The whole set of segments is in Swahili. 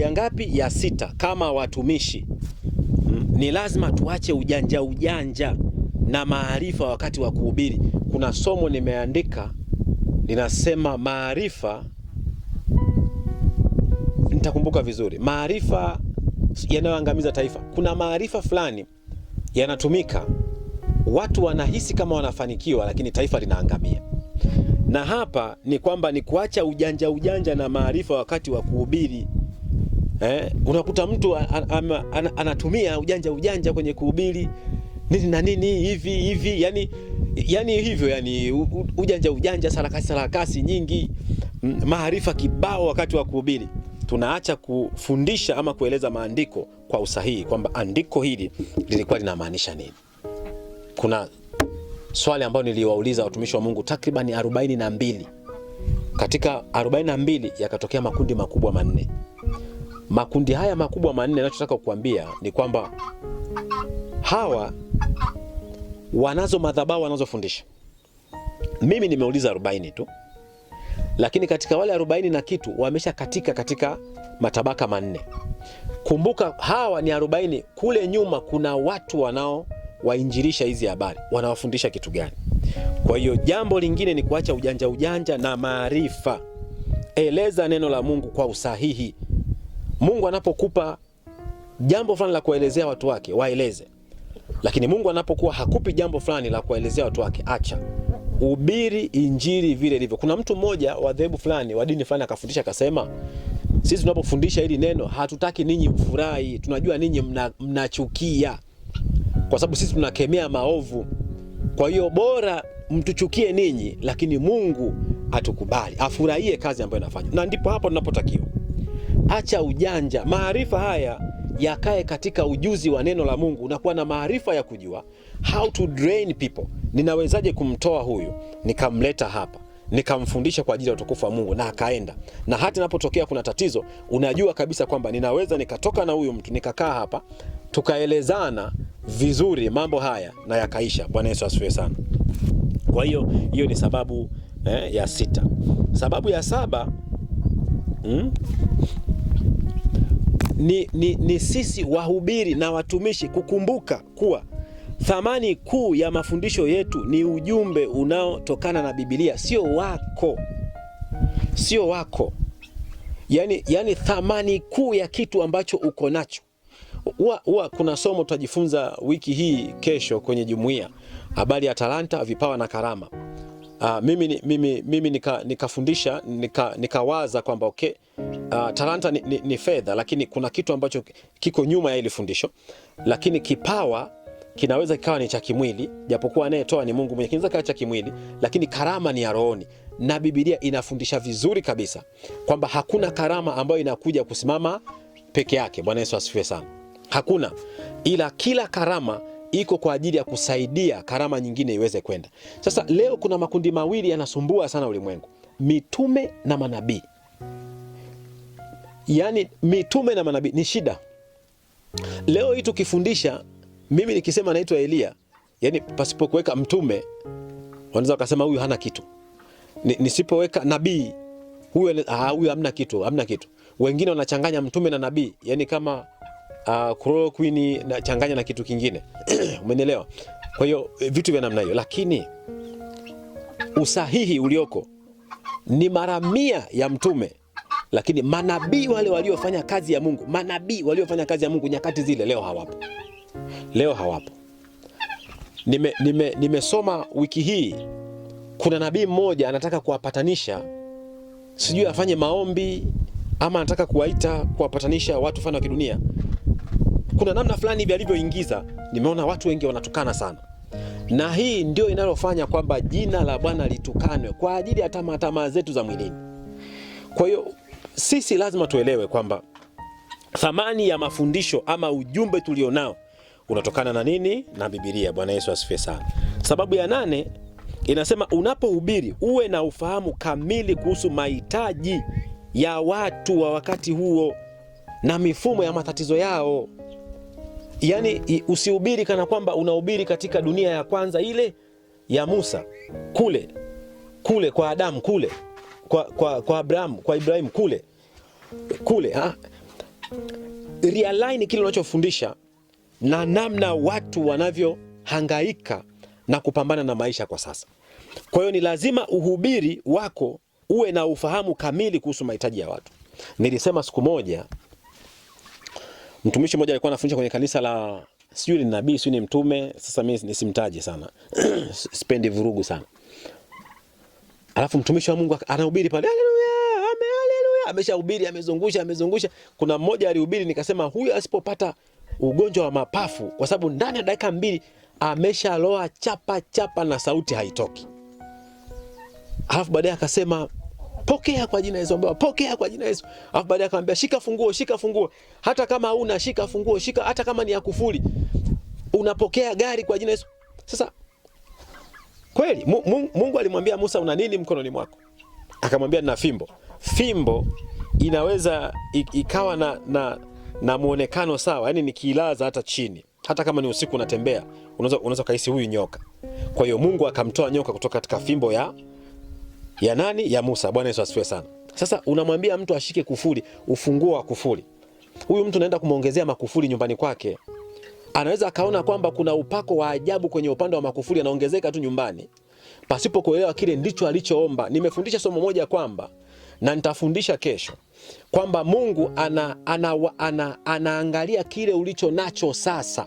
ya ngapi? Ya sita. Kama watumishi mm, ni lazima tuache ujanja ujanja na maarifa wakati wa kuhubiri. Kuna somo nimeandika linasema maarifa, nitakumbuka vizuri, maarifa yanayoangamiza taifa. Kuna maarifa fulani yanatumika, watu wanahisi kama wanafanikiwa, lakini taifa linaangamia. Na hapa ni kwamba ni kuacha ujanja ujanja na maarifa wakati wa kuhubiri eh, unakuta mtu an, an, an, anatumia ujanja ujanja kwenye kuhubiri nini na nini hivi hivi, yani yani hivyo yani u, ujanja ujanja, sarakasi sarakasi nyingi, maarifa kibao wakati wa kuhubiri tunaacha kufundisha ama kueleza maandiko kwa usahihi, kwamba andiko hili lilikuwa linamaanisha nini. Kuna swali ambayo niliwauliza watumishi wa Mungu takribani arobaini na mbili. Katika arobaini na mbili yakatokea makundi makubwa manne. Makundi haya makubwa manne, yanachotaka kukuambia ni kwamba hawa wanazo madhabahu wanazofundisha. Mimi nimeuliza arobaini tu, lakini katika wale arobaini na kitu wamesha katika katika matabaka manne. Kumbuka hawa ni arobaini, kule nyuma kuna watu wanao wainjilisha hizi habari, wanawafundisha kitu gani? Kwa hiyo jambo lingine ni kuacha ujanja ujanja na maarifa. Eleza neno la Mungu kwa usahihi. Mungu anapokupa jambo fulani la kuwaelezea watu wake waeleze, lakini Mungu anapokuwa hakupi jambo fulani la kuwaelezea watu wake acha. Ubiri injili vile ilivyo. Kuna mtu mmoja wa dhehebu fulani wa dini fulani akafundisha akasema, sisi tunapofundisha hili neno hatutaki ninyi mfurahi, tunajua ninyi mnachukia mna kwa sababu sisi tunakemea maovu. Kwa hiyo bora mtuchukie ninyi, lakini Mungu atukubali, afurahie kazi ambayo inafanya, na ndipo hapo tunapotakiwa acha ujanja. Maarifa haya yakae katika ujuzi wa neno la Mungu. Unakuwa na maarifa ya kujua how to drain people, ninawezaje kumtoa huyu nikamleta hapa nikamfundisha kwa ajili ya utukufu wa Mungu na akaenda, na hata inapotokea kuna tatizo, unajua kabisa kwamba ninaweza nikatoka na huyu mtu nikakaa hapa tukaelezana vizuri mambo haya na yakaisha. Bwana Yesu asifiwe sana. Kwa hiyo hiyo ni sababu eh, ya sita. Sababu ya saba mm, ni, ni, ni sisi wahubiri na watumishi kukumbuka kuwa thamani kuu ya mafundisho yetu ni ujumbe unaotokana na Biblia, sio wako, sio wako. Yani, yani thamani kuu ya kitu ambacho uko nacho huwa kuna somo tutajifunza wiki hii kesho kwenye jumuiya, habari ya talanta, vipawa na karama. Aa, ah, mimi, mimi, mimi nikafundisha nika nikawaza nika kwamba okay Uh, talanta ni, ni, ni fedha, lakini kuna kitu ambacho kiko nyuma ya hili fundisho. Lakini kipawa kinaweza kikawa ni cha kimwili, japokuwa anayetoa ni Mungu mwenyewe, kinaweza kikawa cha kimwili, lakini karama ni ya rohoni, na Biblia inafundisha vizuri kabisa kwamba hakuna karama ambayo inakuja kusimama peke yake. Bwana Yesu asifiwe sana. Hakuna, ila kila karama iko kwa ajili ya kusaidia karama nyingine iweze kwenda. Sasa leo kuna makundi mawili yanasumbua sana ulimwengu, mitume na manabii yani mitume na manabii ni shida. Leo hii tukifundisha, mimi nikisema naitwa elia yaani pasipokuweka mtume wanaweza wakasema huyu hana kitu. Nisipoweka nabii huyu ah, huyu hamna kitu, hamna kitu. Wengine wanachanganya mtume na nabii, yani kama uh, ah, Queen na changanya na kitu kingine umenielewa? Kwa hiyo eh, vitu vya namna hiyo, lakini usahihi ulioko ni mara mia ya mtume lakini manabii wale waliofanya kazi ya Mungu, manabii waliofanya kazi ya Mungu nyakati zile, leo hawapo, leo hawapo. Nimesoma nime, nime wiki hii kuna nabii mmoja anataka kuwapatanisha, sijui afanye maombi ama anataka kuwaita kuwapatanisha watu fana wa kidunia. Kuna namna fulani hivi alivyoingiza, nimeona watu wengi wanatukana sana, na hii ndio inalofanya kwamba jina la Bwana litukanwe kwa ajili ya tamaa tamaa zetu za mwilini. Kwa hiyo sisi lazima tuelewe kwamba thamani ya mafundisho ama ujumbe tulionao unatokana na nini? Na Biblia. Bwana Yesu asifiwe sana. Sababu ya nane inasema unapohubiri uwe na ufahamu kamili kuhusu mahitaji ya watu wa wakati huo na mifumo ya matatizo yao. Yaani usihubiri kana kwamba unahubiri katika dunia ya kwanza ile ya Musa kule kule kwa Adamu kule kwa, kwa, kwa Abraham, kwa Ibrahim kule kule ha? Realign kile unachofundisha na namna watu wanavyohangaika na kupambana na maisha kwa sasa. Kwa hiyo ni lazima uhubiri wako uwe na ufahamu kamili kuhusu mahitaji ya watu. Nilisema siku moja, mtumishi mmoja alikuwa anafundisha kwenye kanisa la sijui ni nabii sijui ni mtume, sasa mimi nisimtaje sana sipendi vurugu sana Alafu mtumishi wa Mungu anahubiri pale, haleluya, amen, haleluya, ameshahubiri, amezungusha, amezungusha. Kuna mmoja alihubiri, nikasema huyu asipopata ugonjwa wa mapafu, kwa sababu ndani ya dakika mbili ameshaloa chapa chapa na sauti haitoki. Alafu baadaye akasema pokea kwa jina Yesu, ambaye pokea kwa jina Yesu. Alafu baadaye akamwambia shika funguo, shika funguo, hata kama una shika funguo, shika hata kama ni ya kufuli, unapokea gari kwa jina Yesu. Sasa Kweli Mungu alimwambia Musa, una nini mkononi mwako? Akamwambia na fimbo. Fimbo inaweza ikawa na, na, na muonekano sawa, yani nikiilaza hata chini, hata kama ni usiku unatembea, unaweza unaweza kuhisi huyu nyoka. Kwa hiyo Mungu akamtoa nyoka kutoka katika fimbo ya ya nani? Ya Musa. Bwana Yesu asifiwe sana. Sasa unamwambia mtu ashike kufuli, ufunguo wa kufuli. Huyu mtu naenda kumwongezea makufuli nyumbani kwake anaweza akaona kwamba kuna upako wa ajabu kwenye upande wa makufuri, anaongezeka tu nyumbani pasipo kuelewa kile ndicho alichoomba. Nimefundisha somo moja kwamba na nitafundisha kesho kwamba Mungu ana, ana, ana, ana, anaangalia kile ulicho nacho sasa,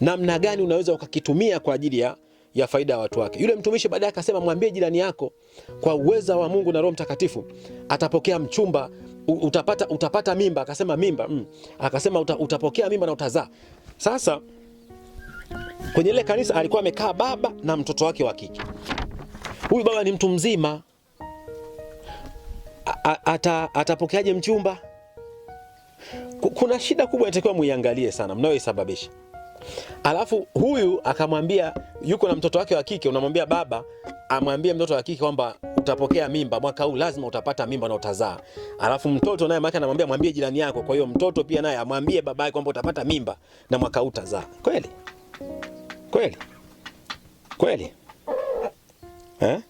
namna gani unaweza ukakitumia kwa ajili ya ya faida ya watu wake. Yule mtumishi baadaye akasema, mwambie jirani yako kwa uweza wa Mungu na Roho Mtakatifu atapokea mchumba, utapata, utapata mimba. Akasema mimba mm. Akasema uta, utapokea mimba na utazaa. Sasa kwenye ile kanisa alikuwa amekaa baba na mtoto wake wa kike. Huyu baba ni mtu mzima, atapokeaje mchumba? Kuna shida kubwa inatakiwa muiangalie sana mnayoisababisha. Alafu huyu akamwambia, yuko na mtoto wake wa kike, unamwambia baba amwambie mtoto wa kike kwamba utapokea mimba mwaka huu, lazima utapata mimba na utazaa. Alafu mtoto naye mama anamwambia mwambie jirani yako. Kwa hiyo mtoto pia naye amwambie babaye kwamba utapata mimba na mwaka huu utazaa. Kweli kweli kweli, eh?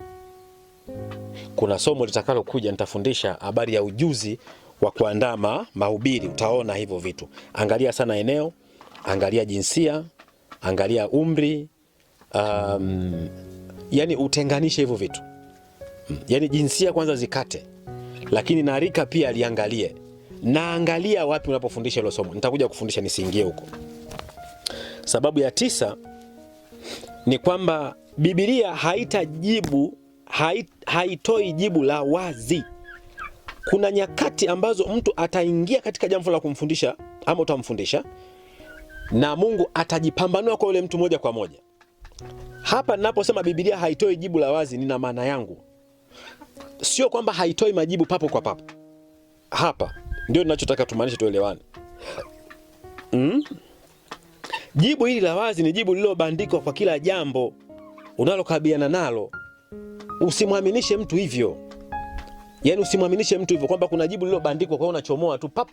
Kuna somo litakalokuja nitafundisha habari ya ujuzi wa kuandaa mahubiri, utaona hivyo vitu. Angalia sana eneo angalia jinsia, angalia umri, um, yani utenganishe hivyo vitu, mm. yani jinsia kwanza zikate, lakini na rika pia aliangalie, naangalia wapi unapofundisha hilo somo. Nitakuja kufundisha, nisiingie huko. Sababu ya tisa ni kwamba Biblia haitajibu hait, haitoi jibu la wazi. Kuna nyakati ambazo mtu ataingia katika jambo la kumfundisha ama utamfundisha na Mungu atajipambanua kwa yule mtu moja kwa moja. Hapa ninaposema Biblia haitoi jibu la wazi, nina maana yangu, sio kwamba haitoi majibu papo kwa papo. Hapa ndio ninachotaka tumaanishe, tuelewane. Mm? Jibu hili la wazi ni jibu lililobandikwa kwa kila jambo unalokabiliana nalo. Usimwaminishe mtu hivyo, yaani usimwaminishe mtu hivyo kwamba kuna jibu lililobandikwa, kwa unachomoa tu pap,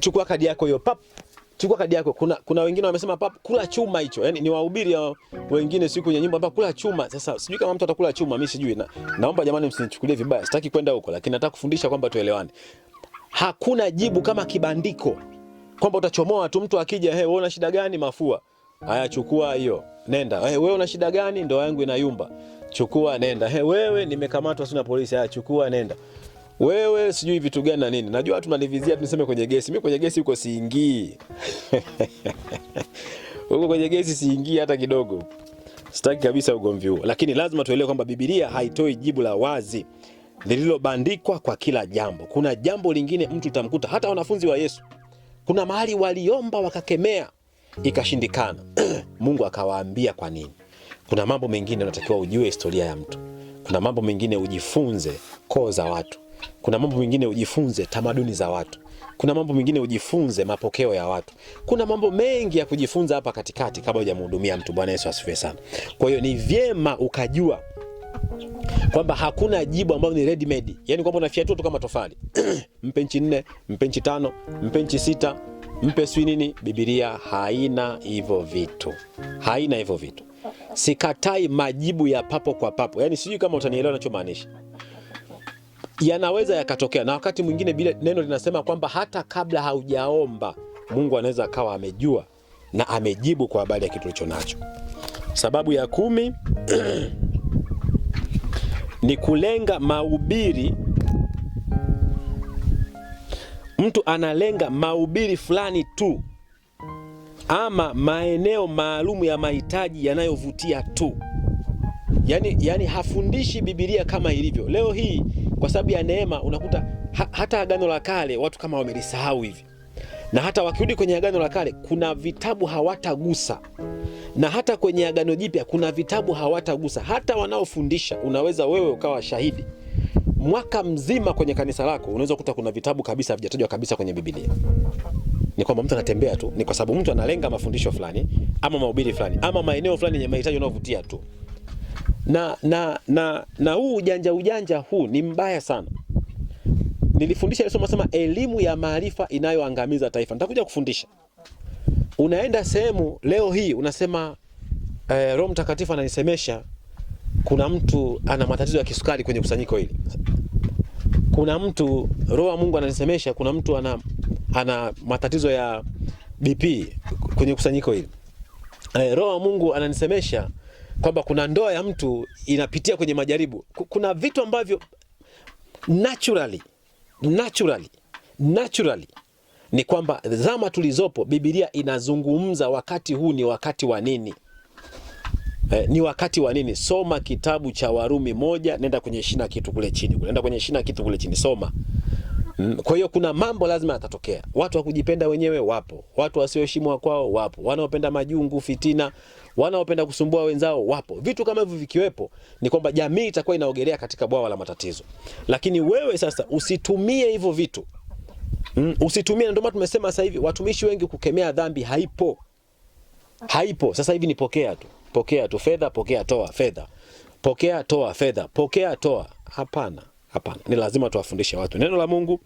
chukua kadi yako hiyo pap, chukua kadi yako. Kuna, kuna wengine wamesema pap kula chuma hicho. yani ni wahubiri wengine siku kwenye nyumba pap kula chuma. Sasa sijui kama mtu atakula chuma, mimi sijui na, naomba jamani msinichukulie vibaya. Sitaki kwenda huko lakini nataka kufundisha kwamba tuelewane. Hakuna jibu kama kibandiko. Kwamba utachomoa tu mtu akija, hey, wewe una shida gani? Mafua. Haya, chukua hiyo. Nenda. Hey, wewe una shida gani? Ndoa yangu inayumba. Chukua nenda. Hey, wewe nimekamatwa sina polisi. Haya, chukua nenda wewe sijui vitu gani na nini, najua tunalivizia tuniseme kwenye gesi. Mimi kwenye gesi huko siingii huko kwenye gesi siingii hata kidogo, sitaki kabisa ugomvi huo, lakini lazima tuelewe kwamba Biblia haitoi jibu la wazi lililobandikwa kwa kila jambo. Kuna jambo lingine mtu utamkuta hata wanafunzi wa Yesu, kuna mahali waliomba wakakemea, ikashindikana Mungu akawaambia kwa nini. Kuna mambo mengine unatakiwa ujue historia ya mtu, kuna mambo mengine ujifunze koo za watu kuna mambo mengine ujifunze tamaduni za watu, kuna mambo mengine ujifunze mapokeo ya watu, kuna mambo mengi ya kujifunza hapa katikati kabla hujamhudumia mtu. Bwana Yesu asifiwe sana. Kwa hiyo ni vyema ukajua kwamba hakuna jibu ambalo ni ready made, yani kwamba unafiatua tu kama tofali mpe nchi nne, mpe nchi tano, mpe nchi sita, mpe swi nini. Bibilia haina hivyo vitu, haina hivyo vitu. Sikatai majibu ya papo kwa papo, yani sijui kama utanielewa nachomaanisha yanaweza yakatokea, na wakati mwingine bila neno linasema kwamba hata kabla haujaomba Mungu anaweza akawa amejua na amejibu kwa habari ya kitu ulicho nacho. Sababu ya kumi ni kulenga mahubiri. Mtu analenga mahubiri fulani tu ama maeneo maalumu ya mahitaji yanayovutia tu, yaani yaani hafundishi Biblia kama ilivyo leo hii kwa sababu ya neema unakuta ha, hata agano la kale watu kama wamelisahau hivi, na hata wakirudi kwenye agano la kale kuna vitabu hawatagusa, na hata kwenye agano jipya kuna vitabu hawatagusa. Hata wanaofundisha unaweza wewe ukawa shahidi, mwaka mzima kwenye kanisa lako unaweza kuta kuna vitabu kabisa havijatajwa kabisa kwenye Biblia. Ni kwamba mtu anatembea tu, ni kwa sababu mtu analenga mafundisho fulani ama mahubiri fulani ama maeneo fulani yenye mahitaji yanayovutia tu na, na, na, na huu ujanja ujanja huu ni mbaya sana. Nilifundisha Yesu anasema elimu ya maarifa inayoangamiza taifa. Nitakuja kufundisha. Unaenda sehemu leo hii unasema eh, Roho Mtakatifu ananisemesha kuna mtu ana matatizo ya kisukari kwenye kusanyiko hili. Kuna mtu Roho wa Mungu ananisemesha kuna mtu ana, ana matatizo ya BP kwenye kusanyiko hili. Eh, Roho wa Mungu ananisemesha kwamba kuna ndoa ya mtu inapitia kwenye majaribu. Kuna vitu ambavyo naturally, naturally, naturally ni kwamba zama tulizopo, Biblia inazungumza wakati huu ni wakati wa nini? Eh, ni wakati wa nini? Soma kitabu cha Warumi moja, nenda kwenye shina kitu kule chini, nenda kwenye shina kitu kule chini, soma. Kwa hiyo kuna mambo lazima yatatokea. Watu wakujipenda wenyewe wapo, watu wasioheshimu wakwao wapo, wanaopenda majungu, fitina, wanaopenda kusumbua wenzao wapo. Vitu kama hivyo vikiwepo, ni kwamba jamii itakuwa inaogelea katika bwawa la matatizo. Lakini wewe sasa usitumie hivyo vitu mm, usitumie. Ndio maana tumesema sasa hivi watumishi wengi kukemea dhambi haipo, haipo sasa hivi. Ni pokea tu, pokea tu fedha, pokea toa fedha, pokea toa fedha, pokea toa. Hapana. Hapana, ni lazima tuwafundishe watu neno la Mungu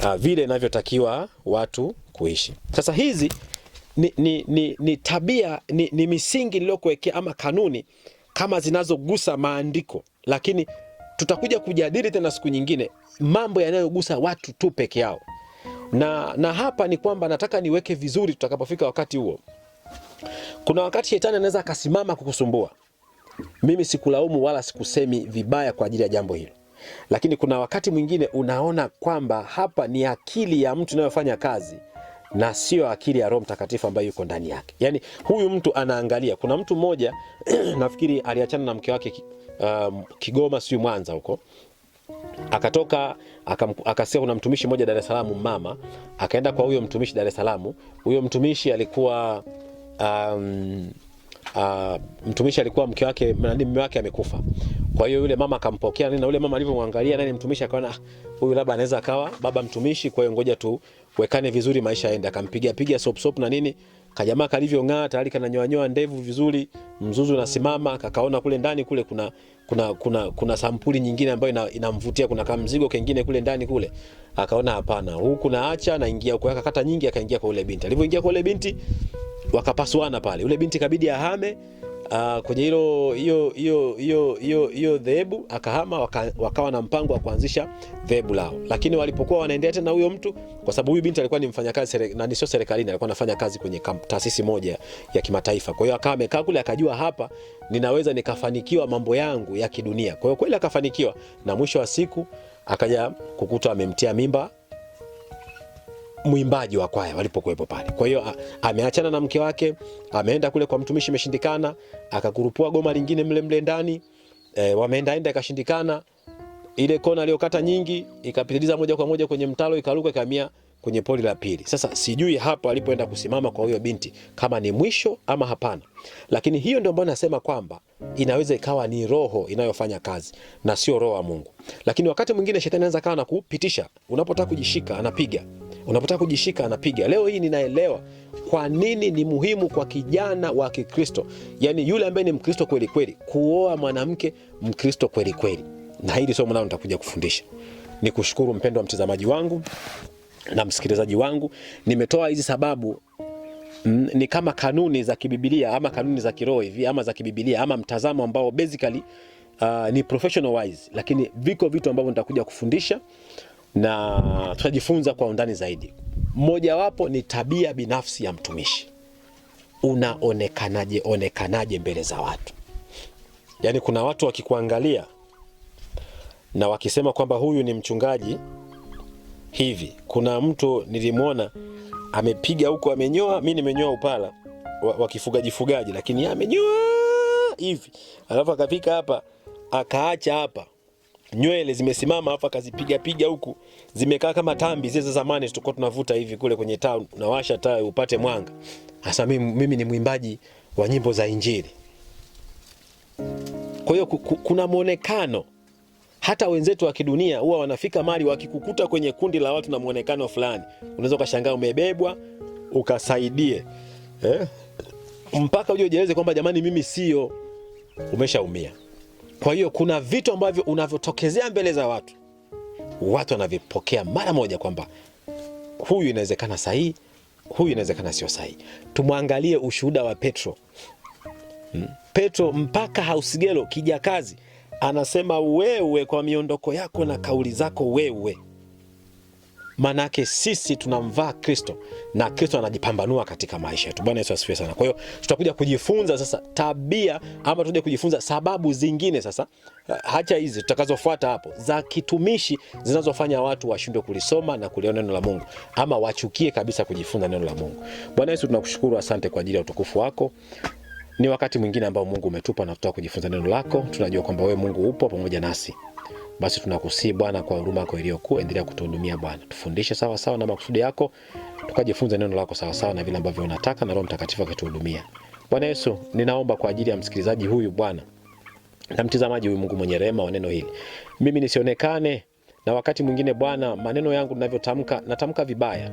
uh, vile inavyotakiwa watu kuishi. Sasa hizi ni, ni, ni, ni tabia ni, ni misingi niliyokuwekea ama kanuni kama zinazogusa maandiko, lakini tutakuja kujadili tena siku nyingine mambo yanayogusa watu tu peke yao, na, na hapa ni kwamba nataka niweke vizuri tutakapofika wakati huo. Kuna wakati shetani anaweza akasimama kukusumbua. Mimi sikulaumu wala sikusemi vibaya kwa ajili ya jambo hilo. Lakini kuna wakati mwingine unaona kwamba hapa ni akili ya mtu inayofanya kazi na sio akili ya Roho Mtakatifu ambayo yuko ndani yake. Yaani huyu mtu anaangalia. Kuna mtu mmoja nafikiri aliachana na mke wake um, Kigoma sio Mwanza huko akatoka akasikia kuna mtumishi mmoja Dar es Salaam, mama akaenda kwa huyo mtumishi Dar es Salaam. Huyo mtumishi alikuwa um, uh, mtumishi alikuwa mke wake, mme wake amekufa. Kwa hiyo yule mama akampokea na yule mama alivyomwangalia nani mtumishi, akaona ah, huyu labda anaweza akawa baba mtumishi, kwa hiyo ngoja tu wekane vizuri, maisha yaende. Akampiga piga sop sop na nini, kajamaa kalivyong'aa tayari kananyoa nyoa ndevu vizuri, mzuzu unasimama, kakaona kule ndani kule kuna kuna kuna kuna sampuli nyingine ambayo inamvutia, kuna kama mzigo kingine kule ndani kule, akaona hapana, huku naacha naingia huko, akakata nyingi, akaingia kwa ule binti. Alivyoingia kwa ule binti wakapasuana pale, ule binti kabidi ahame uh, kwenye hilo hiyo hiyo hiyo hiyo hiyo dhehebu akahama, waka, wakawa na mpango wa kuanzisha dhehebu lao, lakini walipokuwa wanaendelea tena huyo mtu, kwa sababu huyu binti alikuwa ni mfanyakazi na ni sio serikalini, alikuwa anafanya kazi kwenye taasisi moja ya kimataifa. Kwa hiyo akawa amekaa kule, akajua hapa ninaweza nikafanikiwa mambo yangu ya kidunia. Kwa hiyo kweli akafanikiwa, na mwisho wa siku akaja kukuta amemtia mimba mwimbaji wa kwaya walipokuwepo pale. Kwa hiyo ameachana na mke wake, ameenda kule kwa mtumishi, imeshindikana, akakurupua goma lingine mle mle ndani e, wameenda enda ikashindikana. Ile kona aliyokata nyingi ikapitiliza moja kwa moja kwenye mtalo, ikaruka ikamia kwenye poli la pili. Sasa sijui hapo alipoenda kusimama kwa huyo binti kama ni mwisho ama hapana, lakini hiyo ndio ambayo nasema kwamba inaweza ikawa ni roho inayofanya kazi na sio roho wa Mungu. Lakini wakati mwingine shetani anaweza kawa na kupitisha, unapotaka kujishika anapiga Unapotaka kujishika anapiga. Leo hii ninaelewa kwa nini ni muhimu kwa kijana wa Kikristo, yaani yule ambaye ni Mkristo kweli kweli, kuoa mwanamke Mkristo kweli kweli. Na hili somo nalo nitakuja kufundisha. Nikushukuru mpendwa mtazamaji wangu na msikilizaji wangu, nimetoa hizi sababu mm, ni kama kanuni za kibibilia ama kanuni za kiroho hivi ama za kibibilia ama mtazamo ambao basically Uh, ni professional wise lakini viko vitu ambavyo nitakuja kufundisha na tutajifunza kwa undani zaidi. Mmojawapo ni tabia binafsi ya mtumishi, unaonekanaje onekanaje mbele za watu. Yaani kuna watu wakikuangalia na wakisema kwamba huyu ni mchungaji hivi. Kuna mtu nilimwona amepiga huko amenyoa, mi nimenyoa upala wakifugaji fugaji, lakini amenyoa hivi alafu akafika hapa akaacha hapa nywele zimesimama, hapa, kazipiga piga huku, zimekaa kama tambi zile za zamani tulikuwa tunavuta hivi kule kwenye taa, nawasha taa upate mwanga. Hasa mimi, mimi ni mwimbaji wa nyimbo za Injili, kwa hiyo kuna mwonekano hata wenzetu wa kidunia huwa wanafika mali, wakikukuta kwenye kundi la watu na mwonekano fulani, unaweza ukashangaa umebebwa ukasaidie eh? mpaka uje ujieleze kwamba jamani, mimi sio. Umeshaumia. Kwa hiyo kuna vitu ambavyo unavyotokezea mbele za watu, watu wanavipokea mara moja kwamba huyu inawezekana sahihi, huyu inawezekana sio sahihi. Tumwangalie ushuhuda wa Petro. Hmm. Petro mpaka Hausigelo kijakazi anasema wewe, kwa miondoko yako na kauli zako wewe Maanake sisi tunamvaa Kristo na Kristo anajipambanua katika maisha yetu. Bwana Yesu asifiwe sana. Kwa hiyo tutakuja kujifunza sasa tabia ama tutakuja kujifunza sababu zingine sasa eh, hacha hizi tutakazofuata hapo za kitumishi zinazofanya watu washindwe kulisoma na kuliona neno la Mungu ama wachukie kabisa kujifunza neno la Mungu. Bwana Yesu tunakushukuru, asante kwa ajili ya utukufu wako. Ni wakati mwingine ambao Mungu umetupa na tutaka kujifunza neno lako. Tunajua kwamba wewe Mungu upo pamoja nasi basi tunakusii Bwana kwa huruma yako iliyokuu, endelea kutuhudumia Bwana, tufundishe sawa sawa na makusudi yako, tukajifunze neno lako sawa sawa na vile ambavyo unataka, na Roho Mtakatifu akatuhudumia. Bwana Yesu, ninaomba kwa ajili ya msikilizaji huyu Bwana na mtizamaji huyu, Mungu mwenye rehema wa neno hili, mimi nisionekane na wakati mwingine Bwana, maneno yangu ninavyotamka natamka vibaya,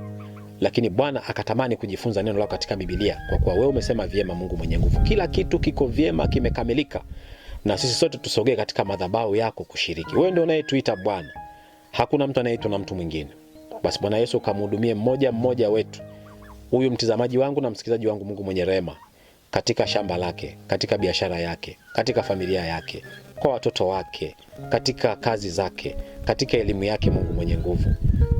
lakini Bwana akatamani kujifunza neno lako katika Biblia, kwa kuwa wewe umesema vyema, Mungu mwenye nguvu, kila kitu kiko vyema, kimekamilika na sisi sote tusogee katika madhabahu yako kushiriki. Wewe ndio unayetuita Bwana, hakuna mtu anayeitwa na mtu mwingine. Basi Bwana Yesu, ukamhudumie mmoja mmoja wetu, huyu mtizamaji wangu na msikilizaji wangu, Mungu mwenye rehema, katika shamba lake, katika biashara yake, katika familia yake, kwa watoto wake, katika kazi zake, katika elimu yake, Mungu mwenye nguvu,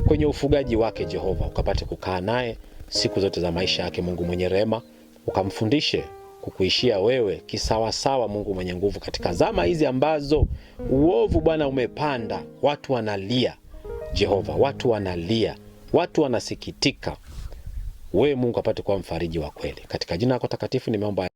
kwenye ufugaji wake, Jehova, ukapate kukaa naye siku zote za maisha yake, Mungu mwenye rehema, ukamfundishe kukuishia wewe kisawasawa, Mungu mwenye nguvu, katika zama hizi ambazo uovu Bwana umepanda, watu wanalia Jehova, watu wanalia, watu wanasikitika, wewe Mungu apate kuwa mfariji wa kweli, katika jina lako takatifu nimeomba.